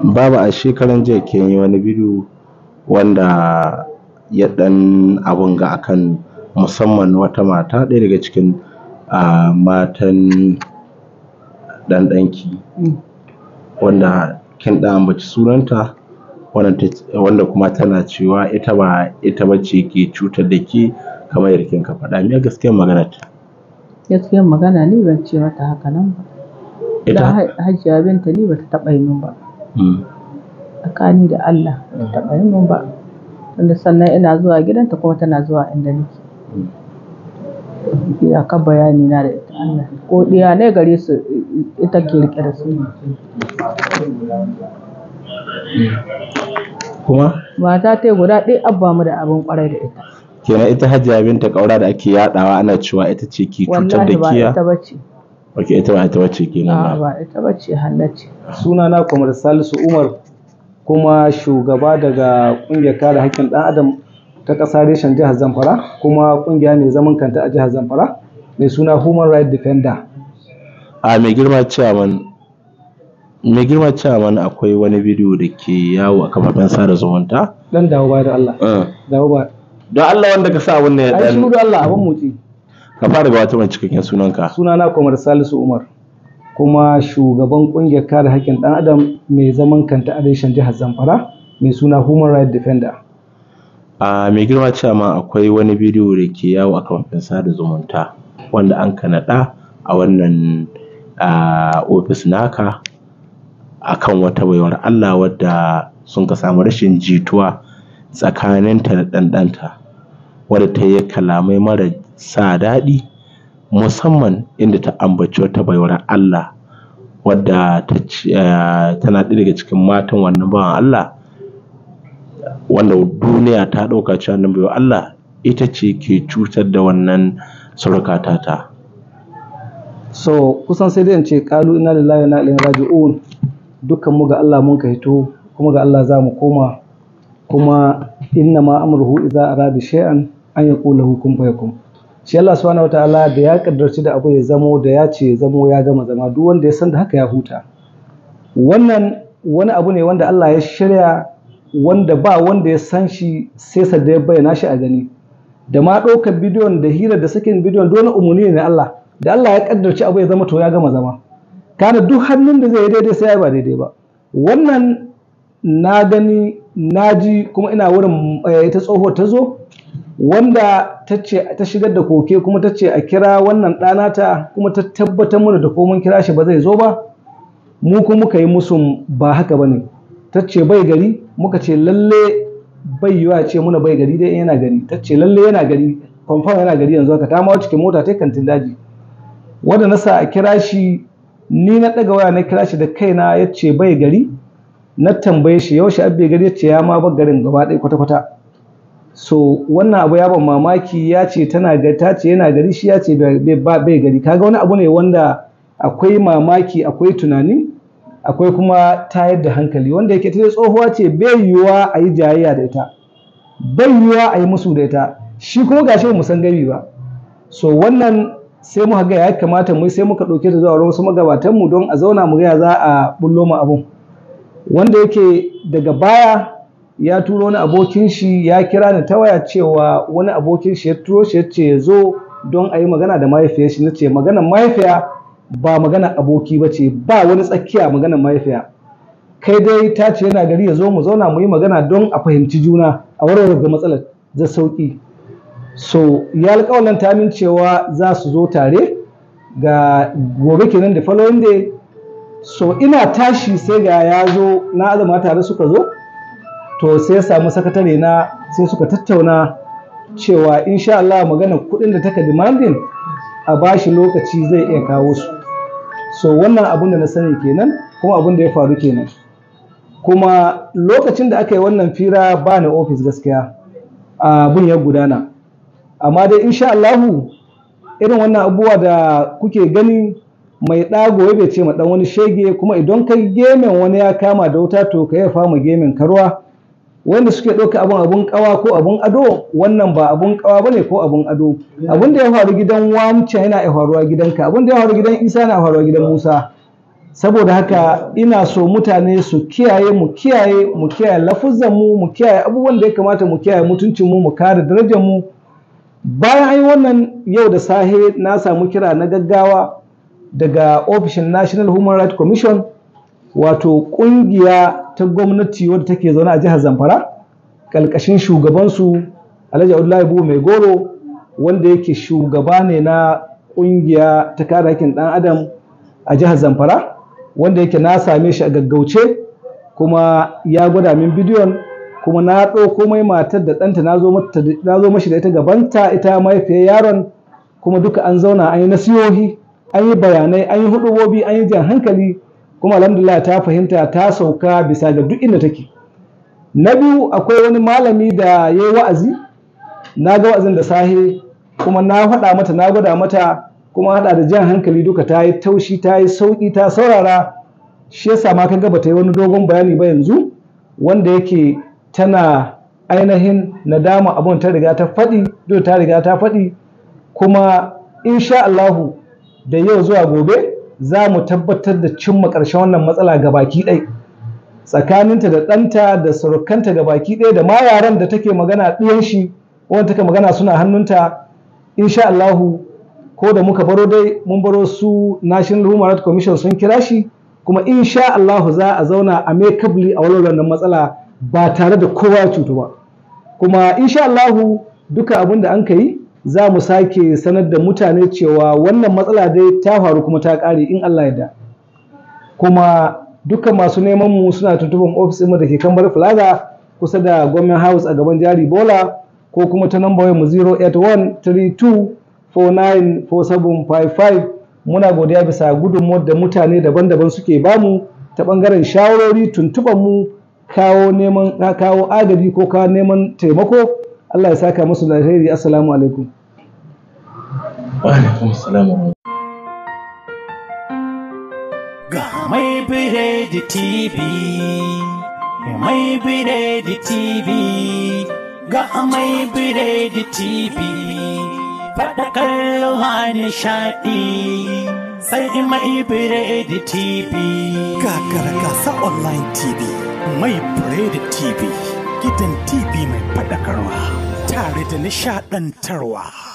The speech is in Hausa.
babu a shekaran jiya ke wani bidiyo wanda ya dan abun ga akan musamman wata mata ɗaya daga cikin matan dan mm. wanda kin da ambaci sunanta wanda kuma tana cewa ita ba ita ba ce ke cutar da ke kamar yadda ka faɗa me gaskiyar magana ta gaskiyar magana ne ban ce mata haka nan ba ita hajiya binta ba bata taɓa yi min ba Mm. tsakani da Allah ba ta mm. taɓa yi ba. Tunda sannan ina zuwa gidanta kuma tana zuwa inda nake. Mm. Iyakar bayani na da ita Allah ko ɗiya ne gare su ita ke riƙe da su. Kuma? Mata yi guda ɗaya abba mu da abin ƙwarai da ita. Kenan ita Hajiya Binta ƙaura da ake yaɗawa ana cewa ita ce ke cutar da kiya? Wallahi ba ita bace ok ita ba ita bace kenan ba ita bace halacci suna na kwamar salisu umar kuma shugaba daga kungiyar kare haƙƙin ɗan adam ta ƙasa reshen jihar zamfara kuma kungiya mai zaman kanta a jihar zamfara mai suna human rights defender a mai girma ciyaman mai girma ciyaman akwai wani bidiyo da ke yawo a kafafen sada zumunta dan dawo ba da Allah eh. dawo ba don Allah wanda ka sa wannan ya dan ai shi da Allah abin motsi ka fara gabatar mana cikakken sunanka sunana Komar Salisu Umar kuma shugaban kungiyar kare haƙƙin ɗan adam mai zaman kanta a reshen jihar Zamfara mai suna Human Rights Defender a mai girma cewa ma akwai wani bidiyo da ke yawo a kamfanin da zumunta wanda an kanada a wannan ofis naka akan wata baiwar Allah wadda sun ka samu rashin jituwa tsakaninta da ɗanɗanta wadda ta yi kalamai mara sa daɗi musamman inda ta ambaci wata baiwar Allah wadda ta eh, tana ɗaya daga cikin matan wannan bawan Allah wanda duniya ta ɗauka cewa nan baiwar Allah ita ce ke cutar da wannan surukata ta. So kusan sai dai ce kalu ina lillahi na ilaihi raji'un dukkan mu ga Allah mun ka to kuma ga Allah za mu koma kuma inna ma amruhu idza arada shay'an an yaqula lahu kun fayakun shi Allah subhanahu wataala da ya kaddarci da abu ya zamo da ya ce ya zamo ya gama zama duk wanda ya san da haka ya huta wannan wani abu ne wanda Allah ya shirya wanda ba wanda ya san shi sai sa da ya bayyana shi a gani da ma ɗaukar bidiyon da hira da sakin bidiyon dole umarni ne Allah da Allah ya kaddarci abu ya zama to ya gama zama kana duk hannun da zai yi daidai sai ya ba daidai ba wannan na gani na ji kuma ina wurin eh, ta tsohuwar ta zo wanda ta shigar da koke kuma ta ce a kira wannan ɗanata kuma ta tabbatar mana da komun kira shi ba zai zo ba mu kuma muka yi musu ba haka ba ne ta ce bai gari muka ce lalle bai yiwa ce muna bai gari dai yana gari ta ce lalle yana gari kwamfan yana gari yanzu haka ta ma cikin mota ta kantin daji wanda na sa a kira shi ni na ɗaga waya na kira shi da kaina ya ce bai gari na tambaye shi yaushe abbe gari ce ya ma bar garin gaba ɗaya kwata-kwata so wannan abu ya ban mamaki ya ce tana ta ce yana gari shi ya ce bai gari kaga wani abu ne wanda akwai mamaki akwai tunani akwai kuma tayar da hankali wanda yake ta tsohuwa ce bai yiwuwa a yi jayayya da ita bai yiwuwa a yi musu da ita shi kuma gashi ba mu san gari ba so wannan sai mu haga ya kamata mu sai muka ɗauke ta zuwa wurin wasu magabatanmu don a zauna mu ga za a bullo mu abun wanda yake daga baya ya turo wani abokin shi ya kira ni ta waya cewa wani abokin shi ya turo shi ya ce zo don a yi magana da mahaifiyar shi na ce maganar mahaifiya ba magana aboki ba ce ba wani tsakiya maganar mahaifiya kai dai ta ce yana gari ya zo mu zauna mu yi magana don a fahimci juna a warware ga matsalar da sauki so ya alƙawalan ta amincewa za su zo tare ga gobe kenan da following day so ina tashi sai ga ya zo na azama tare suka zo to sai ya samu sakatare na sai suka tattauna cewa insha Allah magana kuɗin da taka demanding a bashi lokaci zai iya kawo su so wannan abun da na sani kenan kuma abun da ya faru kenan kuma lokacin da aka yi wannan fira ba na ofis gaskiya abin ya gudana amma dai insha Allah irin wannan abubuwa da kuke gani mai ɗago bai ce ma ɗan wani shege kuma idan kai gemen wani ya kama da wuta to ka yafa mu gemen karwa wanda suke ɗauka abin abun ƙawa ko abun ado wannan ba abun ƙawa bane ko abun ado abun da ya faru gidan wancan yana ya faruwa gidanka abun da ya faru gidan isa yana faruwa gidan musa saboda haka ina so mutane su kiyaye mu kiyaye mu kiyaye lafuzan mu mu kiyaye abubuwan da ya kamata mu kiyaye mutuncin mu mu kare darajar mu bayan ai wannan yau da sahe na samu kira na gaggawa daga ofishin national human rights commission wato kungiya ta gwamnati wadda take zaune a jihar zamfara ƙalƙashin shugabansu alhaji abdullahi buhu mai goro wanda yake shugaba ne na kungiya ta kare haƙƙin ɗan adam a jihar zamfara wanda yake na same shi a gaggauce kuma ya gwada min bidiyon kuma na ɗauko mai matar da ɗanta na zo mashi da ita gabanta ita mahaifiyar yaron kuma duka an zauna an yi nasihohi an yi bayanai an yi hudubobi an yi jan hankali kuma alhamdulillah ta fahimta ta sauka bisa ga duk inda take na biyu akwai wani malami da ya yi wa'azi na ga wa'azin da sahe kuma na faɗa mata na gwada mata kuma haɗa da jan hankali duka ta yi taushi ta yi sauƙi ta saurara shi yasa ma kaga bata yi wani dogon bayani ba yanzu wanda yake tana ainihin nadama abun ta riga ta faɗi duk ta riga ta faɗi kuma insha Allahu da yau zuwa gobe za mu tabbatar da cimma ƙarshen wannan matsala ga baki ɗai tsakaninta da ɗanta da surukanta ga baki ɗaya da ma yaran da take magana ɗiyan shi wanda take magana suna hannunta insha Allahu ko da muka baro dai mun baro su National Human Rights Commission sun kira shi kuma insha Allahu za a zauna a amicably a wani wannan matsala ba tare da kowa cutu ba kuma insha Allahu duka abin da an ka yi za mu sake sanar da mutane cewa wannan matsala dai ta faru kuma ta ƙare in Allah ya da kuma duka masu neman mu suna tuntuban ofis mu da ke kambar plaza kusa da gwamnan house a gaban jari bola ko kuma ta namba mu 08132494755 muna godiya bisa gudunmuwar da mutane daban-daban suke bamu ta bangaren shawarori tuntuban mu kawo neman kawo agaji ko kawo neman taimako Allah ya saka musu da alheri assalamu alaikum ga mai biredi tv mai biredi tv ga mai biredi tv faɗa kallon nishaɗi sai mai biredi tv kakar gasa online tv mai biredi tv gidan TB mai faɗakarwa tare da nishaɗantarwa.